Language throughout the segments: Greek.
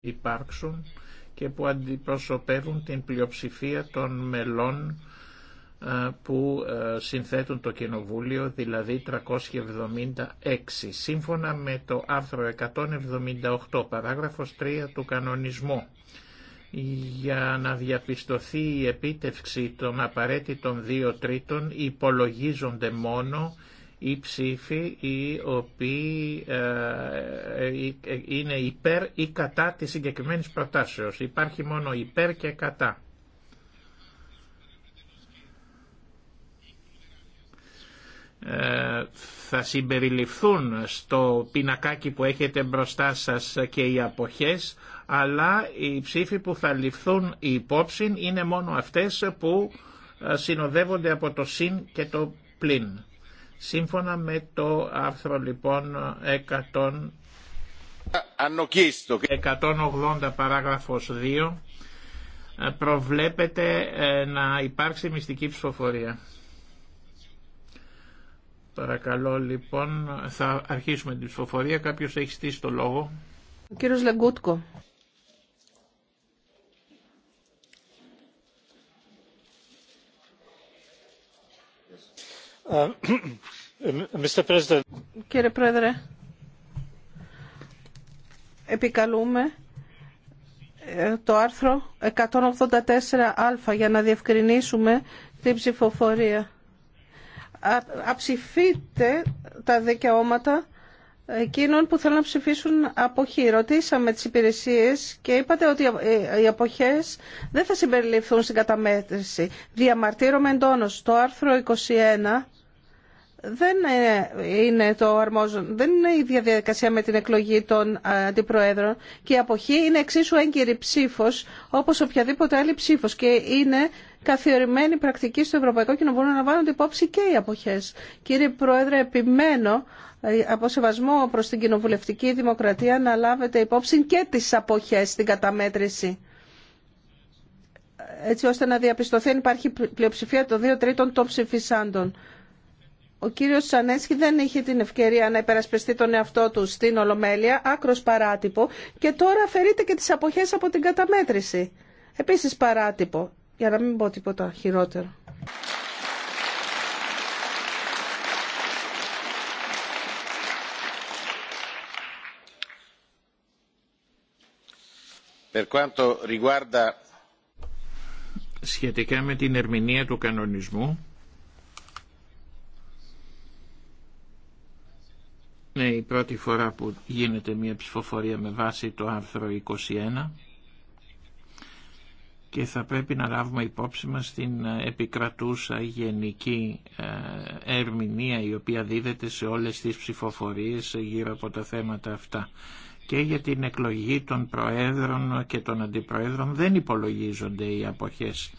υπάρξουν και που αντιπροσωπεύουν την πλειοψηφία των μελών ε, που ε, συνθέτουν το Κοινοβούλιο, δηλαδή 376. Σύμφωνα με το άρθρο 178, παράγραφος 3 του κανονισμού, για να διαπιστωθεί η επίτευξη των απαραίτητων δύο τρίτων υπολογίζονται μόνο οι ψήφοι οι οποίοι ε, ε, ε, είναι υπέρ ή κατά της συγκεκριμένης προτάσεως. Υπάρχει μόνο υπέρ και κατά. θα συμπεριληφθούν στο πινακάκι που έχετε μπροστά σας και οι αποχές αλλά οι ψήφοι που θα ληφθούν η υπόψη είναι μόνο αυτές που συνοδεύονται από το συν και το πλην. Σύμφωνα με το άρθρο λοιπόν 180 παράγραφος 2 ε, προβλέπεται ε, να υπάρξει μυστική ψηφοφορία. Παρακαλώ λοιπόν, θα αρχίσουμε την ψηφοφορία. Κάποιος έχει στήσει το λόγο. Ο κύριος Λεγκούτκο. Ε, Κύριε Πρόεδρε, επικαλούμε ε, το άρθρο 184α για να διευκρινίσουμε την ψηφοφορία. Αψηφείτε τα δικαιώματα εκείνων που θέλουν να ψηφίσουν αποχή. Ρωτήσαμε τις υπηρεσίες και είπατε ότι ε, οι αποχές δεν θα συμπεριληφθούν στην καταμέτρηση. Διαμαρτύρομαι εντόνως. Το άρθρο 21 ε, δεν είναι το ίδια η διαδικασία με την εκλογή των ε, αντιπροέδρων και η αποχή είναι εξίσου έγκυρη ψήφο όπω οποιαδήποτε άλλη ψήφο και είναι καθιερωμένη πρακτική στο Ευρωπαϊκό Κοινοβούλιο να βάλουν υπόψη και οι αποχέ. Κύριε Πρόεδρε, επιμένω ε, από σεβασμό προ την κοινοβουλευτική δημοκρατία να λάβετε υπόψη και τι αποχέ στην καταμέτρηση έτσι ώστε να διαπιστωθεί αν υπάρχει πλειοψηφία των δύο τρίτων των ψηφισάντων. Ο κύριος Σανέσκι δεν είχε την ευκαιρία να υπερασπιστεί τον εαυτό του στην Ολομέλεια, άκρος παράτυπο, και τώρα αφαιρείται και τις αποχές από την καταμέτρηση. Επίσης παράτυπο, για να μην πω τίποτα χειρότερο. Σχετικά με την ερμηνεία του κανονισμού, Ναι, η πρώτη φορά που γίνεται μια ψηφοφορία με βάση το άρθρο 21 και θα πρέπει να λάβουμε υπόψη μας την ε, επικρατούσα γενική ε, ερμηνεία η οποία δίδεται σε όλες τις ψηφοφορίες γύρω από τα θέματα αυτά. Και για την εκλογή των προέδρων και των αντιπροέδρων δεν υπολογίζονται οι αποχές.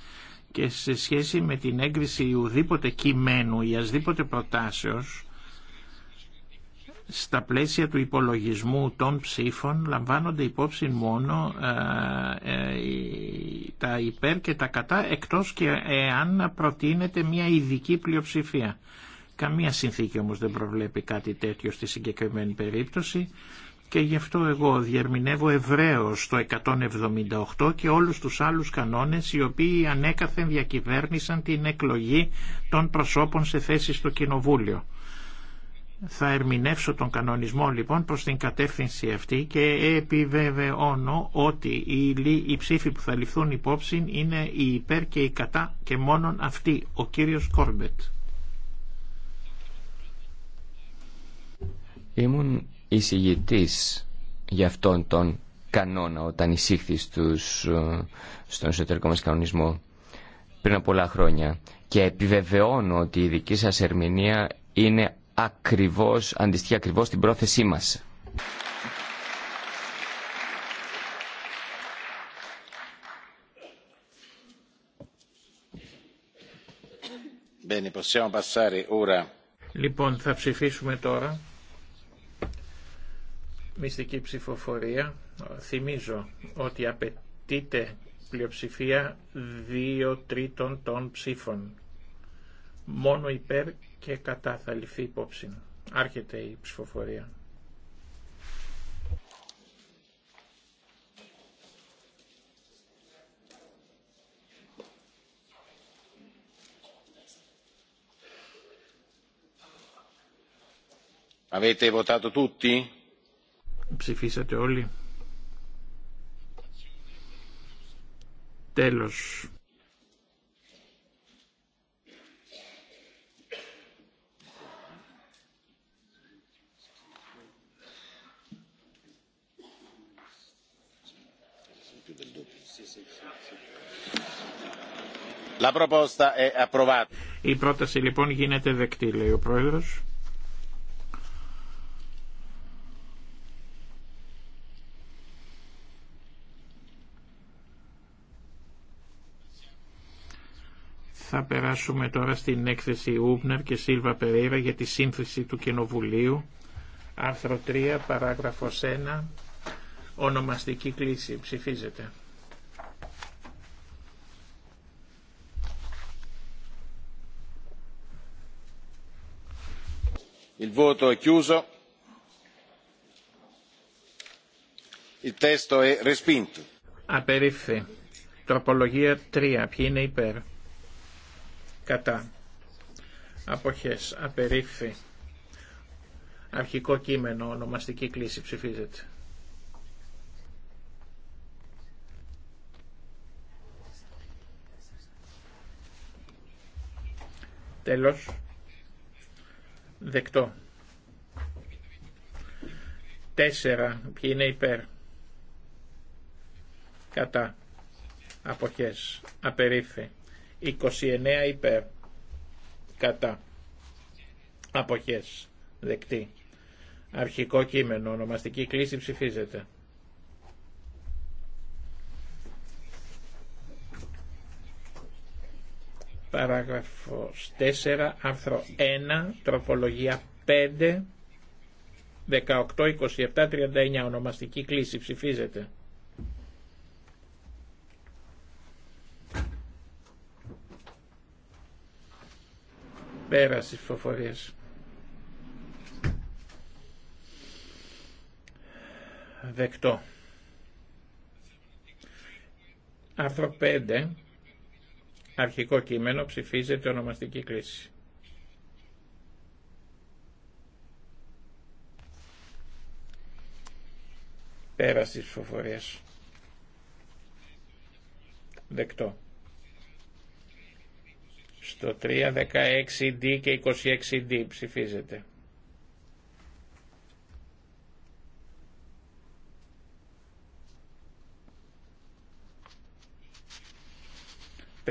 Και σε σχέση με την έγκριση ουδήποτε κειμένου ή ασδήποτε προτάσεως, στα πλαίσια του υπολογισμού των ψήφων λαμβάνονται υπόψη μόνο ε, ε, τα υπέρ και τα κατά εκτός και εάν προτείνεται μια ειδική πλειοψηφία. Καμία συνθήκη όμως δεν προβλέπει κάτι τέτοιο στη συγκεκριμένη περίπτωση και γι' αυτό εγώ διερμηνεύω ευραίως το 178 και όλους τους άλλους κανόνες οι οποίοι ανέκαθεν διακυβέρνησαν την εκλογή των προσώπων σε θέσεις στο Κοινοβούλιο. Θα ερμηνεύσω τον κανονισμό λοιπόν προς την κατεύθυνση αυτή και επιβεβαιώνω ότι οι ψήφοι που θα ληφθούν υπόψη είναι οι υπέρ και η κατά και μόνον αυτή ο κύριος Κόρμπετ. Ήμουν εισηγητής για αυτόν τον κανόνα όταν εισήχθη στους, ε, στον εσωτερικό μας κανονισμό πριν από πολλά χρόνια και επιβεβαιώνω ότι η δική σας ερμηνεία είναι ακριβώς, αντιστοιχεί ακριβώς την πρόθεσή μας. Λοιπόν, θα ψηφίσουμε τώρα. Μυστική ψηφοφορία. Θυμίζω ότι απαιτείται πλειοψηφία δύο τρίτων των ψήφων μόνο υπέρ και κατά θα ληφθεί υπόψη. Άρχεται η ψηφοφορία. Avete Ψηφίσατε όλοι. Τέλος. Η πρόταση λοιπόν γίνεται δεκτή, λέει ο πρόεδρο. Θα περάσουμε τώρα στην έκθεση Ούμπνερ και Σίλβα Περέιρα για τη σύνθεση του Κοινοβουλίου. Άρθρο 3, παράγραφος 1, ονομαστική κλίση. Ψηφίζεται. il voto è chiuso il testo è respinto απερίφθη τροπολογία 3 ποιοι είναι υπέρ κατά αποχές απερίφθη αρχικό κείμενο ονομαστική κλίση ψηφίζεται τέλος Δεκτό. Τέσσερα Ποιοι είναι υπέρ. Κατά. Αποχές. Απερίφθη. 29 υπέρ. Κατά. Αποχές. Δεκτή. Αρχικό κείμενο. Ονομαστική κλίση ψηφίζεται. παράγραφος 4, άρθρο 1, τροπολογία 5, 18, 27, 39, ονομαστική κλίση, ψηφίζεται. Πέραση στις Δεκτό. Άρθρο 5, Αρχικό κείμενο ψηφίζεται ονομαστική κρίση. Πέρα στις Δεκτό. Στο 3, 16D και 26D ψηφίζεται.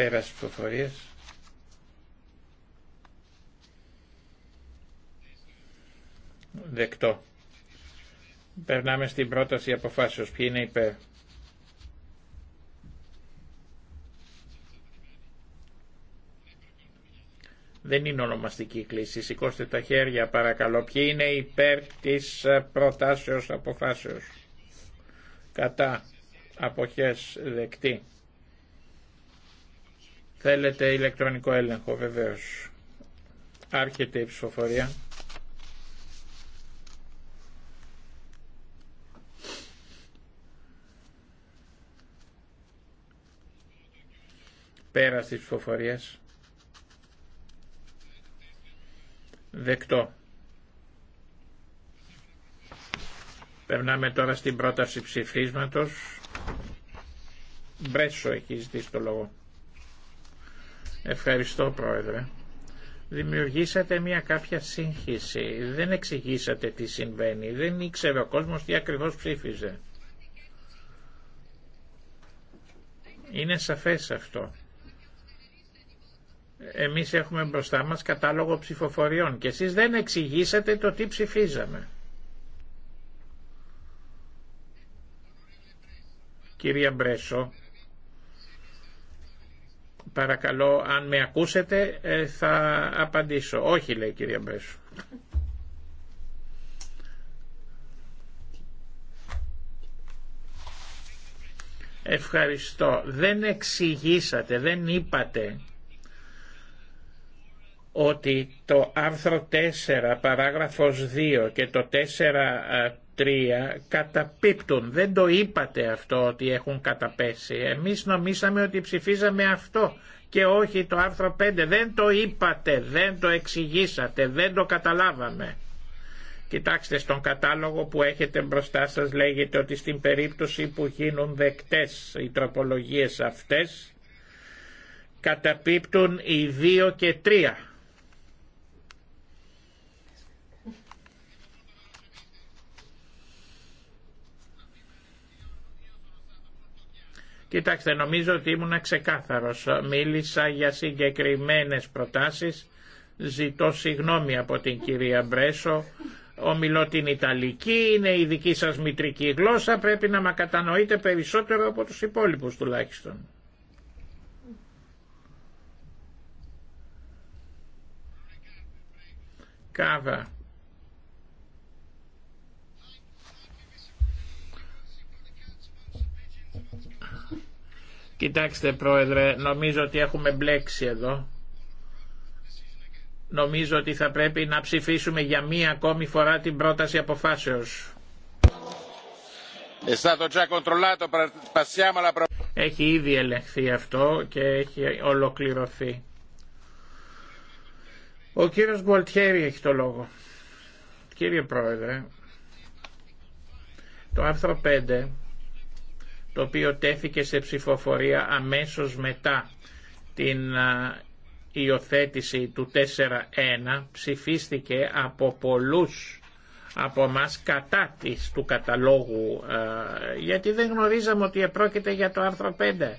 Πέρας ψηφοφορίας. Δεκτό. Περνάμε στην πρόταση αποφάσεως. Ποιοι είναι υπέρ. Δεν είναι ονομαστική κλίση. Σηκώστε τα χέρια παρακαλώ. Ποιοι είναι υπέρ της ε, προτάσεως αποφάσεως. Κατά. Αποχές δεκτή. Θέλετε ηλεκτρονικό έλεγχο βεβαίως. Άρχεται η ψηφοφορία. Πέρα της ψηφοφορίας. Δεκτό. Περνάμε τώρα στην πρόταση ψηφίσματος. Μπρέσο έχει ζητήσει το λόγο. Ευχαριστώ Πρόεδρε. Δημιουργήσατε μια κάποια σύγχυση. Δεν εξηγήσατε τι συμβαίνει. Δεν ήξερε ο κόσμος τι ακριβώς ψήφιζε. Είναι σαφές αυτό. Εμείς έχουμε μπροστά μας κατάλογο ψηφοφοριών και εσείς δεν εξηγήσατε το τι ψηφίζαμε. Κυρία Μπρέσο, Παρακαλώ, αν με ακούσετε ε, θα απαντήσω. Όχι, λέει η κυρία Μπέσου. Ευχαριστώ. Δεν εξηγήσατε, δεν είπατε ότι το άρθρο 4 παράγραφος 2 και το 4 καταπίπτουν. Δεν το είπατε αυτό ότι έχουν καταπέσει. Εμείς νομίσαμε ότι ψηφίζαμε αυτό και όχι το άρθρο 5. Δεν το είπατε, δεν το εξηγήσατε, δεν το καταλάβαμε. Κοιτάξτε στον κατάλογο που έχετε μπροστά σας λέγεται ότι στην περίπτωση που γίνουν δεκτές οι τροπολογίες αυτές καταπίπτουν οι 2 και τρία. Κοιτάξτε, νομίζω ότι ήμουν ξεκάθαρος. Μίλησα για συγκεκριμένες προτάσεις. Ζητώ συγγνώμη από την κυρία Μπρέσο. Ομιλώ την Ιταλική, είναι η δική σας μητρική γλώσσα, πρέπει να με κατανοείτε περισσότερο από τους υπόλοιπους τουλάχιστον. Κάβα. Κοιτάξτε πρόεδρε, νομίζω ότι έχουμε μπλέξει εδώ. Νομίζω ότι θα πρέπει να ψηφίσουμε για μία ακόμη φορά την πρόταση αποφάσεως. Έχει ήδη ελεγχθεί αυτό και έχει ολοκληρωθεί. Ο κύριος Γκουαλτιέρη έχει το λόγο. Κύριε Πρόεδρε, το άρθρο 5 το οποίο τέθηκε σε ψηφοφορία αμέσως μετά την υιοθέτηση του 4.1 ψηφίστηκε από πολλούς από μας κατά της του καταλόγου γιατί δεν γνωρίζαμε ότι επρόκειται για το άρθρο 5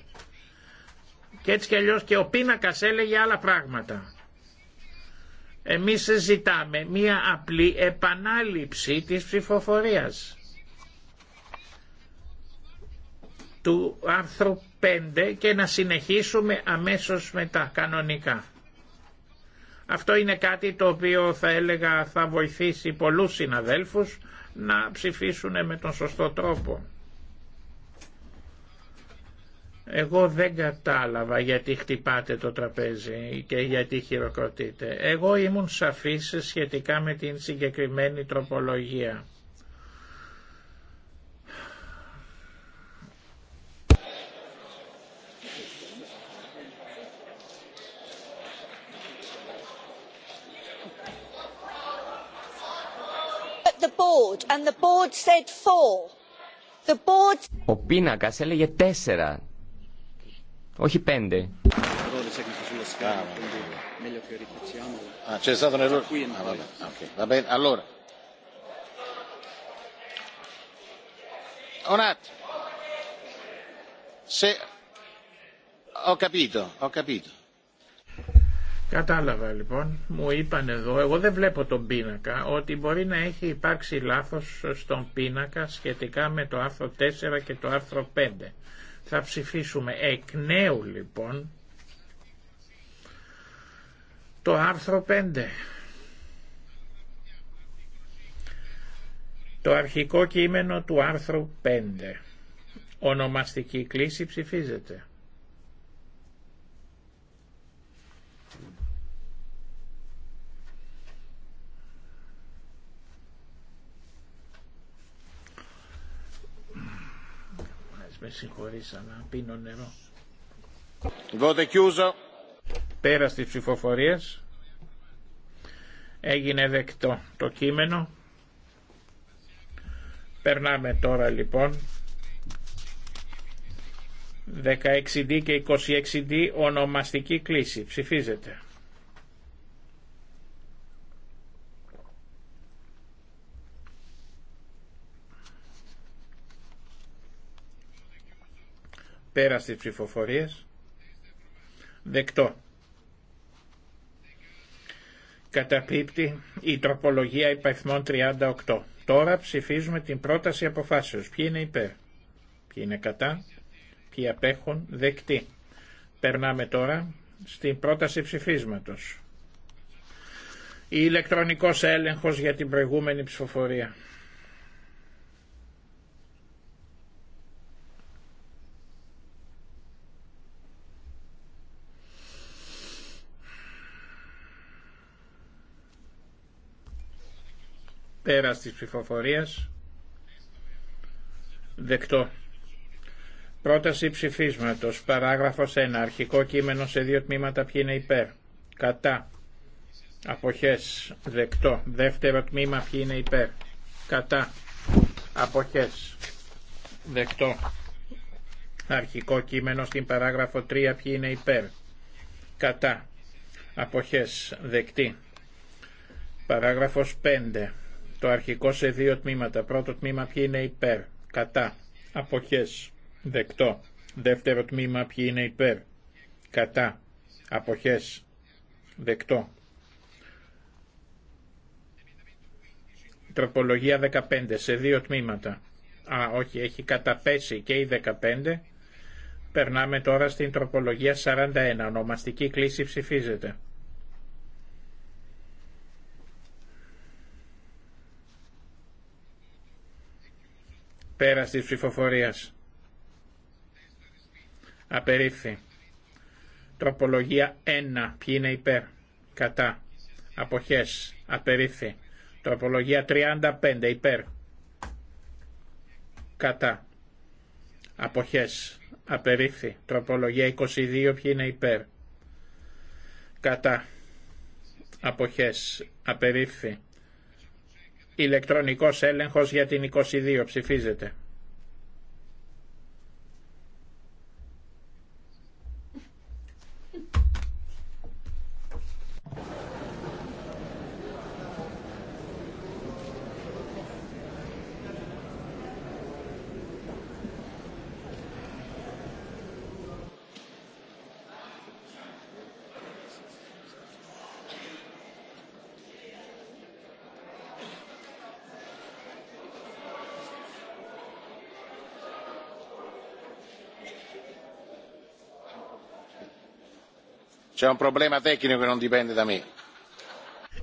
και έτσι κι αλλιώς και ο πίνακας έλεγε άλλα πράγματα εμείς ζητάμε μία απλή επανάληψη της ψηφοφορίας του άρθρου 5 και να συνεχίσουμε αμέσως με τα κανονικά. Αυτό είναι κάτι το οποίο θα έλεγα θα βοηθήσει πολλούς συναδέλφους να ψηφίσουν με τον σωστό τρόπο. Εγώ δεν κατάλαβα γιατί χτυπάτε το τραπέζι και γιατί χειροκροτείτε. Εγώ ήμουν σαφής σχετικά με την συγκεκριμένη τροπολογία. Ο πίνακας έλεγε τέσσερα, όχι πέντε. ο capito, ο capito. Κατάλαβα λοιπόν, μου είπαν εδώ, εγώ δεν βλέπω τον πίνακα, ότι μπορεί να έχει υπάρξει λάθος στον πίνακα σχετικά με το άρθρο 4 και το άρθρο 5. Θα ψηφίσουμε εκ νέου λοιπόν το άρθρο 5. Το αρχικό κείμενο του άρθρου 5. Ονομαστική κλίση ψηφίζεται. με να πίνω νερό. Πέρα τη ψηφοφορία έγινε δεκτό το κείμενο. Περνάμε τώρα λοιπόν 16D και 26D ονομαστική κλίση. Ψηφίζεται. Πέρα στις ψηφοφορίες. Δεκτό. Καταπίπτει η τροπολογία υπαριθμών 38. Τώρα ψηφίζουμε την πρόταση αποφάσεως. Ποιοι είναι υπέρ. Ποιοι είναι κατά. Ποιοι απέχουν. Δεκτή. Περνάμε τώρα στην πρόταση ψηφίσματος. Η ηλεκτρονικός έλεγχος για την προηγούμενη ψηφοφορία. Πέρας της ψηφοφορίας. Δεκτό. Πρόταση ψηφίσματος. Παράγραφος 1. Αρχικό κείμενο σε δύο τμήματα. Ποιοι είναι υπέρ. Κατά. Αποχές. Δεκτό. Δεύτερο τμήμα. Ποιοι είναι υπέρ. Κατά. Αποχές. Δεκτό. Αρχικό κείμενο στην παράγραφο 3. Ποιοι είναι υπέρ. Κατά. Αποχές. Δεκτή. Παράγραφος 5. Το αρχικό σε δύο τμήματα. Πρώτο τμήμα ποιοι είναι υπέρ, κατά, αποχές, δεκτό. Δεύτερο τμήμα ποιοι είναι υπέρ, κατά, αποχές, δεκτό. Τροπολογία 15 σε δύο τμήματα. Α, όχι, έχει καταπέσει και η 15. Περνάμε τώρα στην τροπολογία 41. Ονομαστική κλίση ψηφίζεται. Πέρας της ψηφοφορίας. Απερίφθη. Τροπολογία 1. Ποιοι είναι υπέρ. Κατά. Αποχές. Απερίφθη. Τροπολογία 35. Υπέρ. Κατά. Αποχές. Απερίφθη. Τροπολογία 22. Ποιοι είναι υπέρ. Κατά. Αποχές. Απερίφθη. Ηλεκτρονικός έλεγχος για την 22 ψηφίζεται.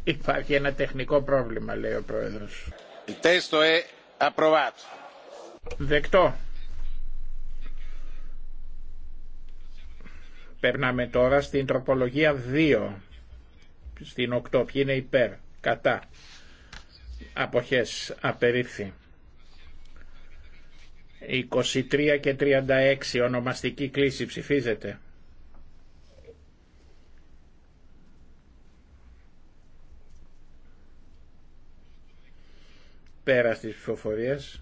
Υπάρχει ένα τεχνικό πρόβλημα, λέει ο Πρόεδρος. Δεκτό. Περνάμε τώρα στην τροπολογία 2. Στην 8. Ποιοι είναι υπέρ. Κατά. Αποχές. Απερίφθη. 23 και 36. Ονομαστική κλίση ψηφίζεται. Πέρα της ψηφοφορίας.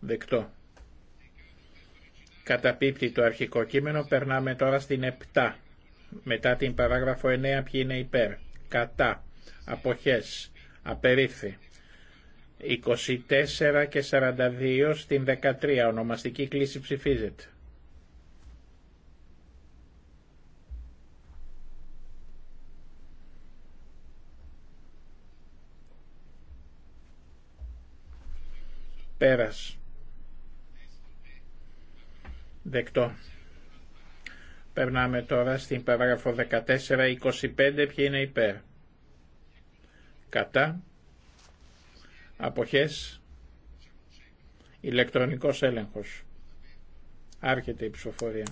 Δεκτό. Καταπίπτει το αρχικό κείμενο. Περνάμε τώρα στην 7. Μετά την παράγραφο 9 ποιοι είναι υπέρ. Κατά. Αποχές. Απερίφθη. 24 και 42 στην 13. Ονομαστική κλίση ψηφίζεται. Πέρας. Δεκτό. Περνάμε τώρα στην παράγραφο 14-25 ποιοι είναι υπέρ. Κατά. Αποχές. Ηλεκτρονικός έλεγχος. Άρχεται η ψηφοφορία.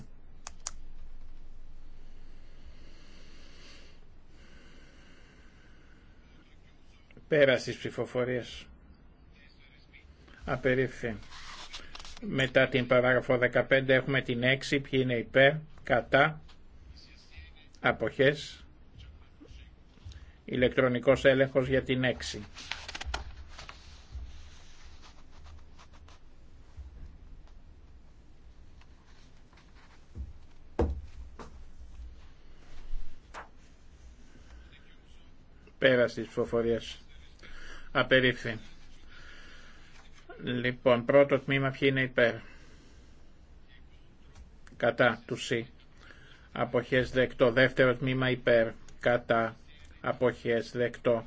Πέρας της ψηφοφορίας. Απερίφθη. Μετά την παράγραφο 15 έχουμε την 6. Ποιοι είναι υπέρ, κατά, αποχές. Ηλεκτρονικός έλεγχος για την 6. Πέρα τη ψηφοφορία. Απερίφθη. Λοιπόν, πρώτο τμήμα ποιο είναι υπέρ. Κατά του ΣΥ. Αποχές δεκτό. Δεύτερο τμήμα υπέρ. Κατά. Αποχές δεκτό.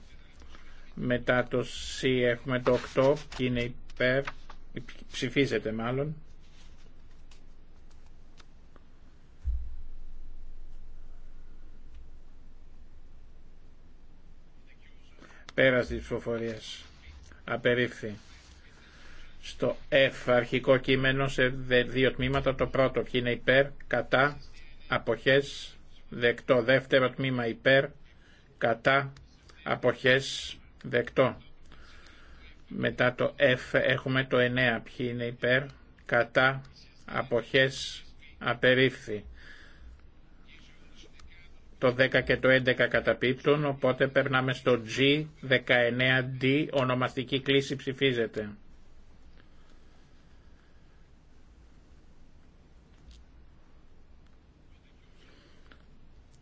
Μετά το ΣΥ έχουμε το 8. και είναι υπέρ. Ψηφίζεται μάλλον. Πέρας της ψηφοφορίας. Απερίφθη στο F αρχικό κείμενο σε δύο τμήματα. Το πρώτο ποιο είναι υπέρ, κατά, αποχές, δεκτό. Δεύτερο τμήμα υπέρ, κατά, αποχές, δεκτό. Μετά το F έχουμε το 9 ποιο είναι υπέρ, κατά, αποχές, απερίφθη. Το 10 και το 11 καταπίπτουν, οπότε περνάμε στο G, 19D, ονομαστική κλίση ψηφίζεται.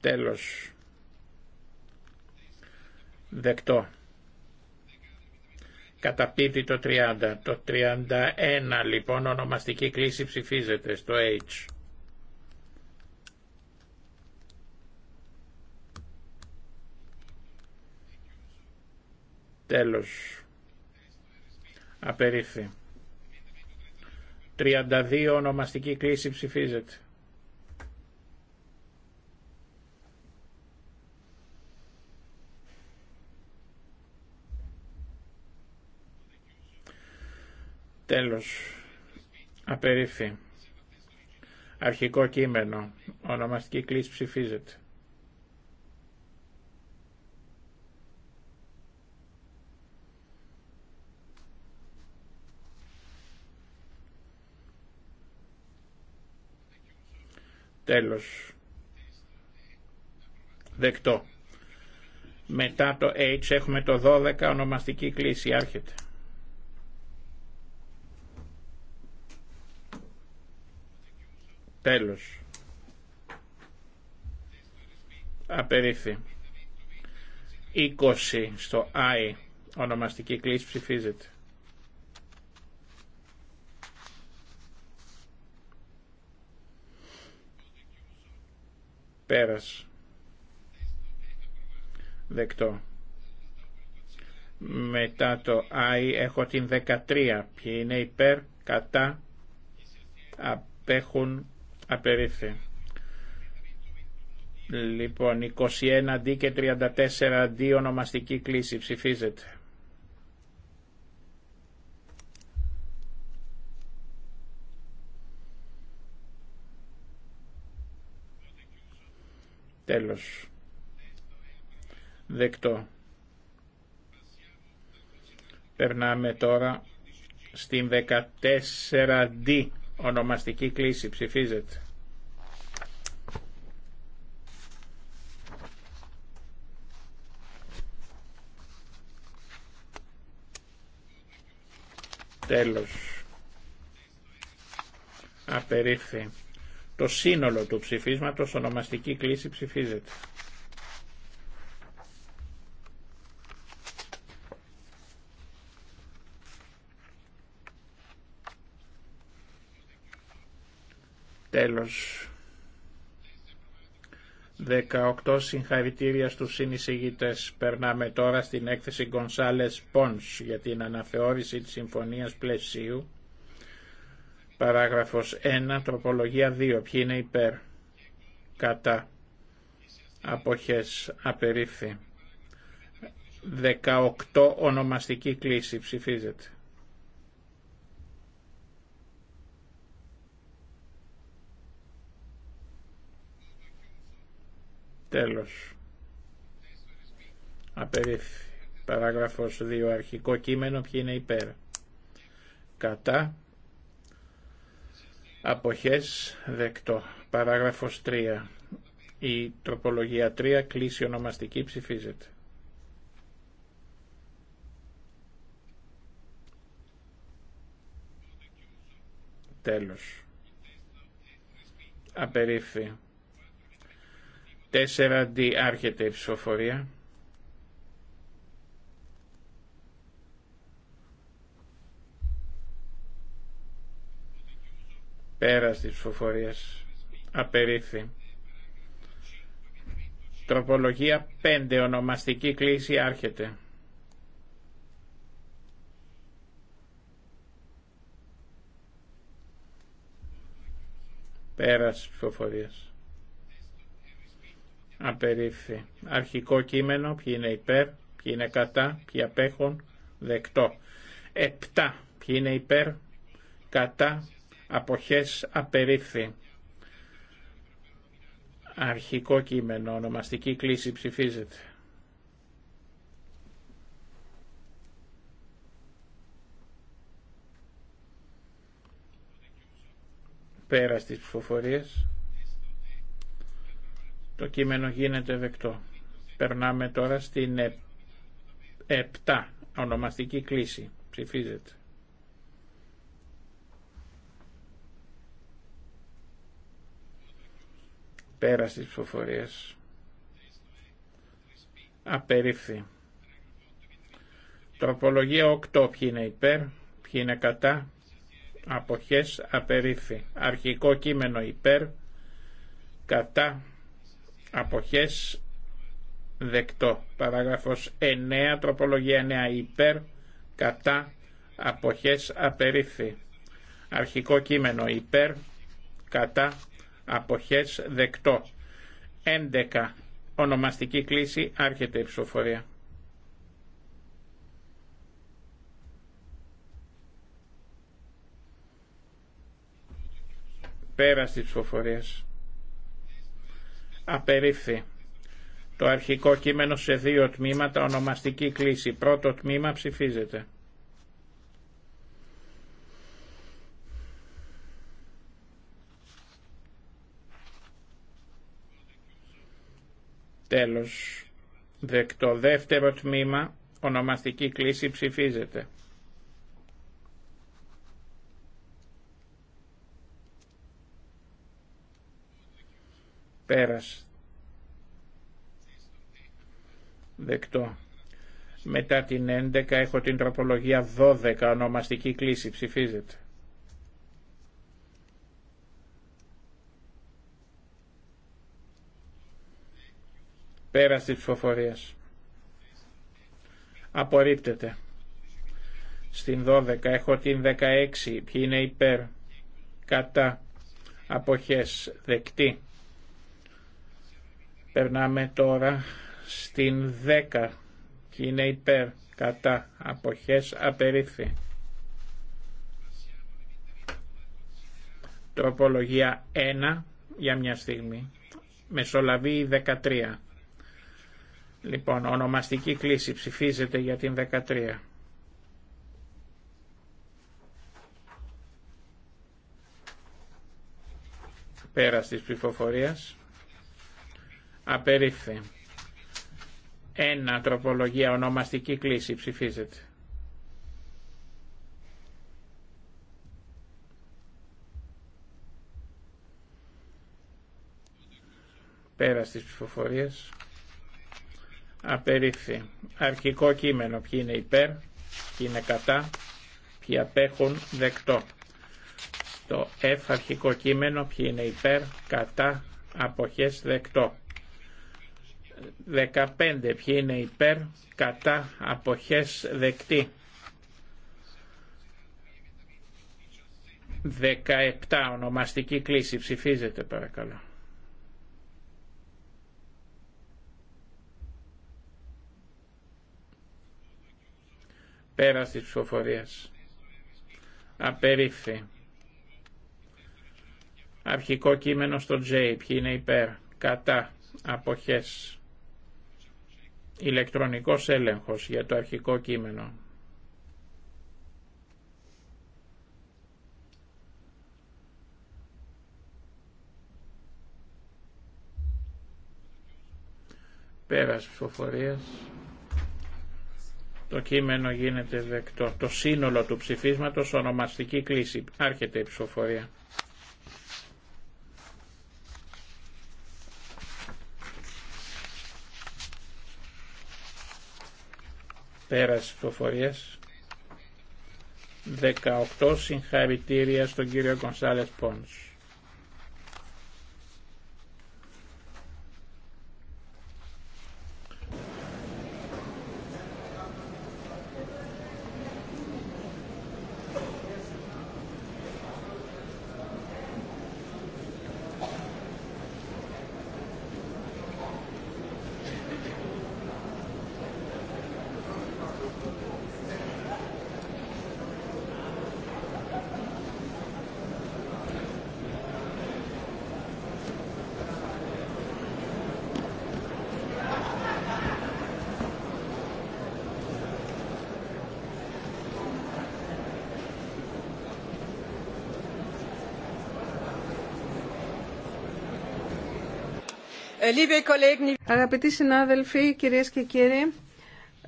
Τέλος. Δεκτό. Καταπίπτει το 30. Το 31 λοιπόν ονομαστική κλίση ψηφίζεται στο H. Τέλος. Απερίφθη. 32 ονομαστική κλίση ψηφίζεται. Τέλος. Απερίφη. Αρχικό κείμενο. Ονομαστική κλίση ψηφίζεται. Τέλος. Δεκτό. Μετά το H έχουμε το 12 ονομαστική κλίση. Άρχεται. Τέλος. Απερίφθη. 20 στο I. Ονομαστική κλίση ψηφίζεται. Πέρας. Δεκτό. Μετά το I έχω την 13. Ποιοι είναι υπέρ, κατά, απέχουν Απερίφθη. Λοιπόν, 21 αντί και 34 αντί ονομαστική κλίση ψηφίζεται. Τέλος. Δεκτό. Περνάμε τώρα στην 14D Ονομαστική κλίση ψηφίζεται. Τέλος. Απερίφθη. Το σύνολο του ψηφίσματος ονομαστική κλίση ψηφίζεται. 18 συγχαρητήρια στους συνεισηγητές. Περνάμε τώρα στην έκθεση Γκονσάλες Πόνς για την αναθεώρηση της Συμφωνίας Πλαισίου. Παράγραφος 1, τροπολογία 2. Ποιοι είναι υπέρ. Κατά. Αποχές. Απερίφθη. 18 ονομαστική κλίση. Ψηφίζεται. Τέλος. Απερίφθη. Παράγραφος 2. Αρχικό κείμενο. Ποιοι είναι υπέρ. Κατά. Αποχές. Δεκτό. Παράγραφος 3. Η τροπολογία 3. Κλίση ονομαστική ψηφίζεται. Τέλος. Απερίφθη 4D άρχεται η ψηφοφορία. Πέρας της ψηφοφορίας. Απερίφθη. Τροπολογία 5. Ονομαστική κλίση άρχεται. Πέρας ψηφοφορίας. Απερίφθη. Αρχικό κείμενο. Ποιοι είναι υπέρ. Ποιοι είναι κατά. Ποιοι απέχουν. Δεκτό. Επτά. Ποιοι είναι υπέρ. Κατά. Αποχές. Απερίφθη. Αρχικό κείμενο. Ονομαστική κλίση ψηφίζεται. πέρα στις ψηφοφορίες το κείμενο γίνεται δεκτό. Περνάμε τώρα στην 7 ε, ονομαστική κλίση. Ψηφίζεται. Πέραση τη ψηφοφορίες. Απερίφθη. Τροπολογία 8. Ποιοι είναι υπέρ, ποιοι είναι κατά. Αποχές απερίφθη. Αρχικό κείμενο υπέρ, κατά αποχές δεκτό. Παράγραφος 9, τροπολογία 9, υπέρ, κατά, αποχές απερίφθη. Αρχικό κείμενο υπέρ, κατά, αποχές δεκτό. 11. Ονομαστική κλίση, άρχεται η ψηφοφορία. Πέρα ψηφοφορία. Απερίφθη. Το αρχικό κείμενο σε δύο τμήματα, ονομαστική κλίση. Πρώτο τμήμα ψηφίζεται. Τέλος. Δεκτό δεύτερο τμήμα, ονομαστική κλίση ψηφίζεται. Πέρας. Δεκτό. Μετά την 11 έχω την τροπολογία 12, ονομαστική κλίση, ψηφίζεται. Πέρας της ψηφοφορίας. Απορρίπτεται. Στην 12 έχω την 16, ποιοι είναι υπέρ, κατά, αποχές, δεκτή. Περνάμε τώρα στην 10 και είναι υπέρ, κατά, αποχές, απερίφθη. Τροπολογία 1 για μια στιγμή. Μεσολαβή 13. Λοιπόν, ονομαστική κλίση ψηφίζεται για την 13. Πέρας της ψηφοφορίας. Απερίφθη. Ένα τροπολογία ονομαστική κλίση ψηφίζεται. Πέρα στις ψηφοφορίες. Απερίφθη. Αρχικό κείμενο. Ποιοι είναι υπέρ, ποιοι είναι κατά, ποιοι απέχουν δεκτό. Το F αρχικό κείμενο. Ποιοι είναι υπέρ, κατά, αποχές δεκτό. 15 ποιοι είναι υπέρ, κατά, αποχές, δεκτή. 17 ονομαστική κλίση Ψηφίζετε παρακαλώ. Πέρας της ψηφοφορίας. Απερίφθη. Αρχικό κείμενο στο J. Ποιοι είναι υπέρ. Κατά. Αποχές. Ηλεκτρονικός έλεγχος για το αρχικό κείμενο. Πέρας ψηφοφορίας. Το κείμενο γίνεται δεκτό. Το σύνολο του ψηφίσματος ονομαστική κλίση. Άρχεται η ψηφοφορία. Πέρας ψηφοφορίας. 18 συγχαρητήρια στον κύριο Κονσάλες Πόνς. Αγαπητοί συνάδελφοι, κυρίες και κύριοι,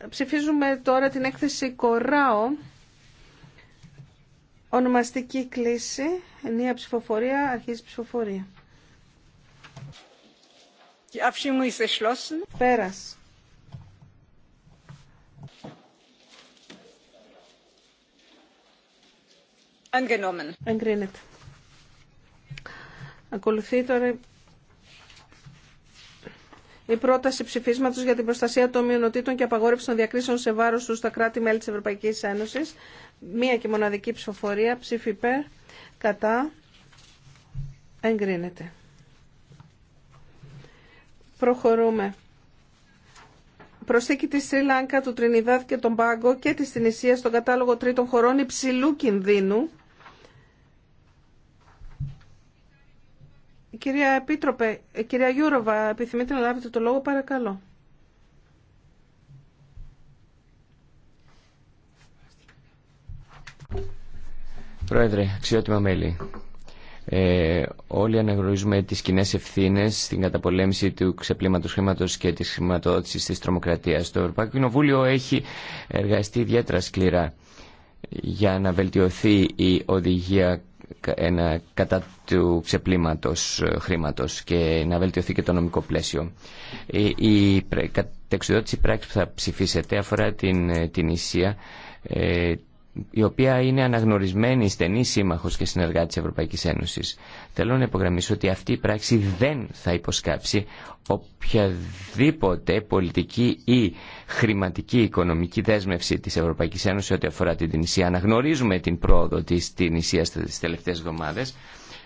ψηφίζουμε τώρα την έκθεση Κοράο, ονομαστική κλίση, ενία ψηφοφορία, αρχίζει ψηφοφορία. Πέρας. Εγκρίνεται. Ακολουθεί τώρα η πρόταση ψηφίσματος για την προστασία των μειονοτήτων και απαγόρευση των διακρίσεων σε βάρος του στα κράτη-μέλη της Ευρωπαϊκής Ένωσης. Μία και μοναδική ψηφοφορία, ψήφι υπέρ, κατά, εγκρίνεται. Προχωρούμε. Προσθήκη τη Σρι Λάγκα, του Τρινιδάδ και τον Πάγκο και τη Τινησία στον κατάλογο τρίτων χωρών υψηλού κινδύνου Κυρία Επίτροπε, ε, κυρία Γιούροβα, επιθυμείτε να λάβετε το λόγο, παρακαλώ. Πρόεδρε, αξιότιμα μέλη. Ε, όλοι αναγνωρίζουμε τις κοινέ ευθύνε στην καταπολέμηση του ξεπλήματος χρήματος και της χρηματοδότησης της τρομοκρατίας. Το Ευρωπαϊκό Κοινοβούλιο έχει εργαστεί ιδιαίτερα σκληρά για να βελτιωθεί η οδηγία ένα, κατά του ξεπλήματος ε, χρήματος και να βελτιωθεί και το νομικό πλαίσιο. Ε, η, η πράξη που θα ψηφίσετε αφορά την, ε, την Ισία, η οποία είναι αναγνωρισμένη στενή σύμμαχος και συνεργάτη της Ευρωπαϊκής Ένωσης. Θέλω να υπογραμμίσω ότι αυτή η πράξη δεν θα υποσκάψει οποιαδήποτε πολιτική ή χρηματική οικονομική δέσμευση της Ευρωπαϊκής Ένωσης ό,τι αφορά την Τινησία. Αναγνωρίζουμε την πρόοδο της Τινησίας τις τελευταίες εβδομάδες.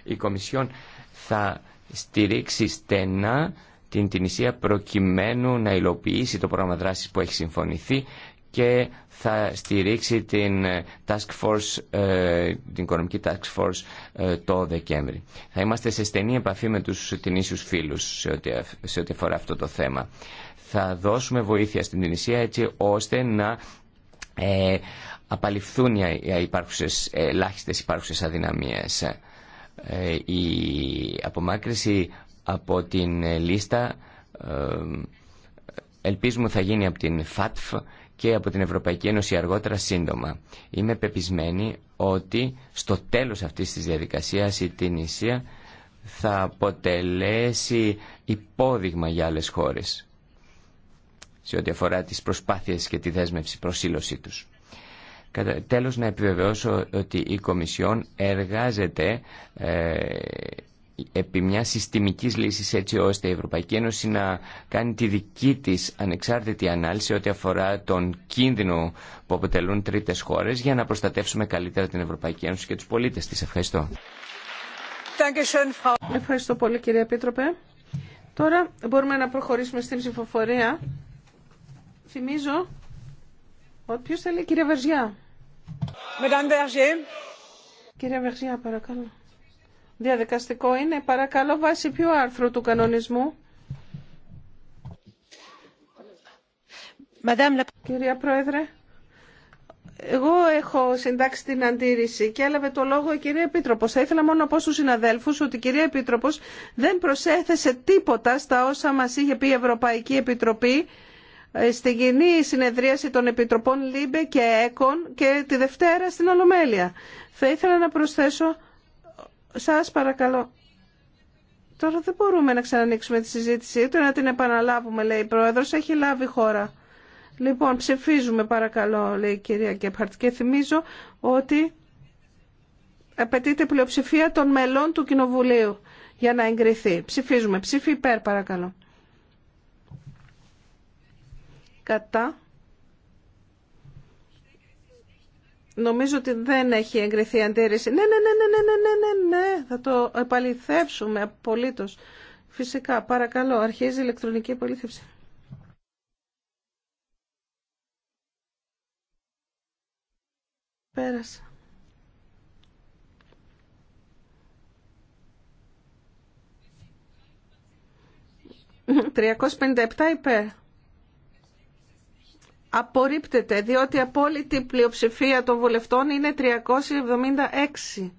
Η Κομισιόν θα στηρίξει στενά την τινησια αναγνωριζουμε την προοδο της τινησιας στις τελευταιες εβδομαδες προκειμένου να υλοποιήσει το πρόγραμμα δράσης που έχει συμφωνηθεί και θα στηρίξει την, ε, task force, ε, την οικονομική task force ε, το Δεκέμβρη. Θα είμαστε σε στενή επαφή με τους τινήσιους φίλους σε ό,τι, σε ό,τι αφορά αυτό το θέμα. Θα δώσουμε βοήθεια στην Τινησία έτσι ώστε να ε, απαλληφθούν οι, υπάρχουσες, ελάχιστες υπάρχουσες αδυναμίες. η απομάκρυση από την λίστα ελπίζουμε θα γίνει από την ΦΑΤΦ και από την Ευρωπαϊκή Ένωση αργότερα σύντομα. Είμαι πεπισμένη ότι στο τέλος αυτής της διαδικασίας η Τινησία θα αποτελέσει υπόδειγμα για άλλες χώρες σε ό,τι αφορά τις προσπάθειες και τη δέσμευση προσήλωσή τους. Τέλος, να επιβεβαιώσω ότι η Κομισιόν εργάζεται ε, επί μια συστημικής λύσης έτσι ώστε η Ευρωπαϊκή Ένωση να κάνει τη δική της ανεξάρτητη ανάλυση ό,τι αφορά τον κίνδυνο που αποτελούν τρίτες χώρες για να προστατεύσουμε καλύτερα την Ευρωπαϊκή Ένωση και τους πολίτες της. Ευχαριστώ. Ευχαριστώ πολύ κύριε Επίτροπε. Τώρα μπορούμε να προχωρήσουμε στην ψηφοφορία. Θυμίζω ότι ποιος θέλει, κύριε Βερζιά. Κύριε Βερζιά, παρακαλώ διαδικαστικό είναι, παρακαλώ, βάσει ποιο άρθρο του κανονισμού. Κυρία Πρόεδρε, εγώ έχω συντάξει την αντίρρηση και έλαβε το λόγο η κυρία Επίτροπο. Θα ήθελα μόνο να πω στου συναδέλφου ότι η κυρία Επίτροπο δεν προσέθεσε τίποτα στα όσα μα είχε πει η Ευρωπαϊκή Επιτροπή ε, στη κοινή συνεδρίαση των Επιτροπών ΛΥΜΠΕ και ΕΚΟΝ και τη Δευτέρα στην Ολομέλεια. Θα ήθελα να προσθέσω σας παρακαλώ. Τώρα δεν μπορούμε να ξανανοίξουμε τη συζήτηση, ούτε να την επαναλάβουμε, λέει η Πρόεδρος. Έχει λάβει χώρα. Λοιπόν, ψηφίζουμε παρακαλώ, λέει η κυρία Γκέπχαρτ. Και θυμίζω ότι απαιτείται πλειοψηφία των μελών του Κοινοβουλίου για να εγκριθεί. Ψηφίζουμε. Ψήφι υπέρ, παρακαλώ. Κατά. Νομίζω ότι δεν έχει εγκριθεί αντίρρηση. Ναι, ναι, ναι, ναι, ναι, ναι, ναι, ναι, ναι, θα το επαληθεύσουμε απολύτω. Φυσικά, παρακαλώ, αρχίζει η ηλεκτρονική επαλήθευση. Πέρασα. 357 υπέρ απορρίπτεται διότι η απόλυτη πλειοψηφία των βουλευτών είναι 376.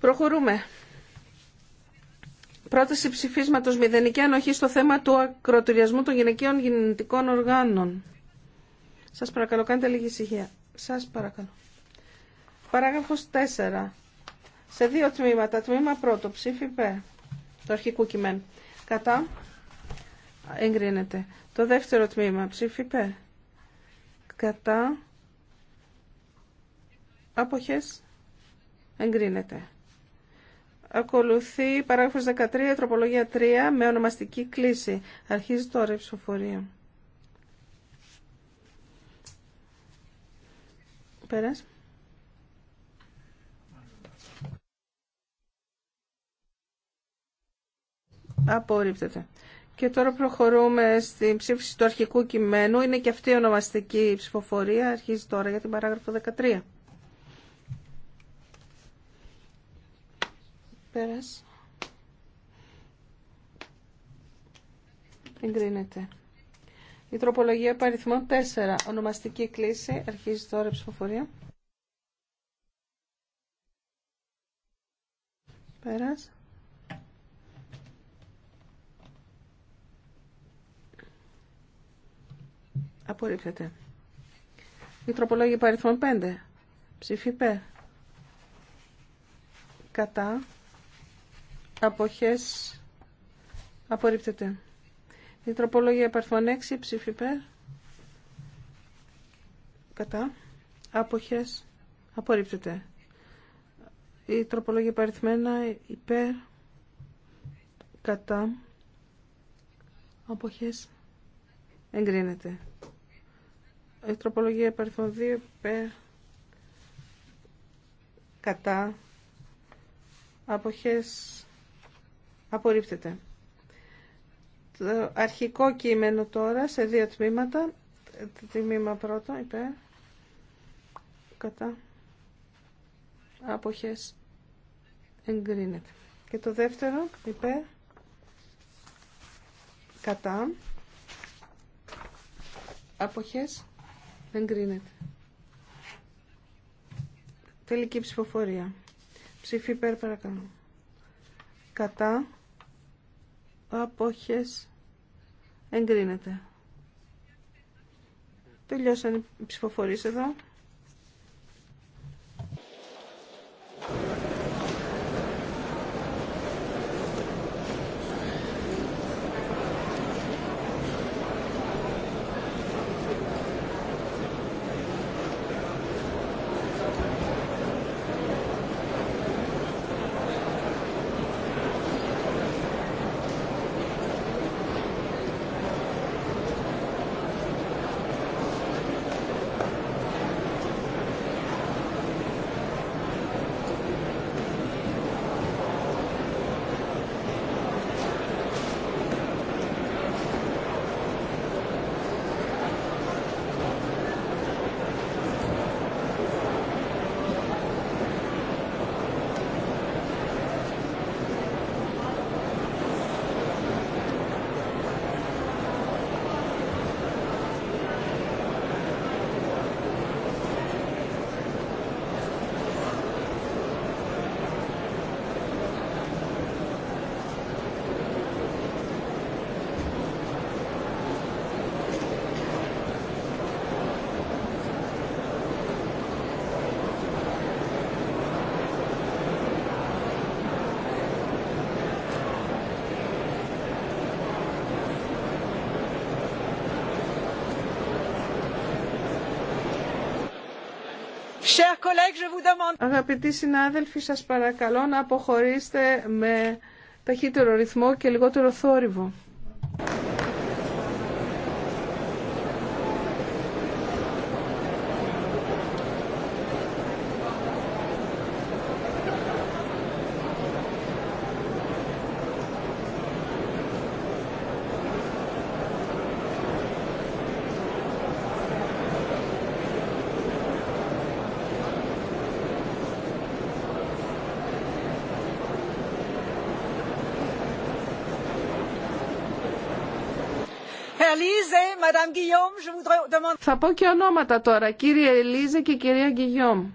Προχωρούμε. Πρόταση ψηφίσματος μηδενική ανοχή στο θέμα του ακροτηριασμού των γυναικείων γεννητικών οργάνων. Σας παρακαλώ, κάντε λίγη ησυχία. Σας παρακαλώ. Παράγραφος 4. Σε δύο τμήματα. Τμήμα πρώτο. Ψήφι Το αρχικό κειμένου. Κατά εγκρίνεται. Το δεύτερο τμήμα, ψήφι Κατά αποχές εγκρίνεται. Ακολουθεί παράγραφος 13, τροπολογία 3, με ονομαστική κλίση. Αρχίζει τώρα η ψηφοφορία. Πέρας. Απορρίπτεται. Και τώρα προχωρούμε στην ψήφιση του αρχικού κειμένου. Είναι και αυτή η ονομαστική ψηφοφορία. Αρχίζει τώρα για την παράγραφο 13. Πέρας. Εγκρίνεται. Η τροπολογία παριθμών 4. Ονομαστική κλίση. Αρχίζει τώρα η ψηφοφορία. Πέρας. Απορρίπτεται. Η τροπολόγια παριθμών 5. Ψήφι Κατά. Αποχές. Απορρίπτεται. Η τροπολόγια υπαρθών 6. Ψήφι υπέρ. Κατά. Αποχές. Απορρίπτεται. Η τροπολόγια παριθμένα υπέρ. Κατά. Αποχές. Εγκρίνεται. Η ε, τροπολογία πε υπέρ κατά αποχές απορρίπτεται. Το αρχικό κείμενο τώρα σε δύο τμήματα. Το τμήμα πρώτο υπέρ κατά αποχές εγκρίνεται. Και το δεύτερο υπέρ κατά αποχές Εγκρίνεται. Τελική ψηφοφορία. Ψήφι υπέρ παρακαλώ. Κατά. Απόχες. Εγκρίνεται. Τελειώσαν οι ψηφοφορίες εδώ. Αγαπητοί συνάδελφοι, σας παρακαλώ να αποχωρήσετε με ταχύτερο ρυθμό και λιγότερο θόρυβο. Θα πω και ονόματα τώρα, κύριε Ελίζα και κυρία Γκυγιόμ.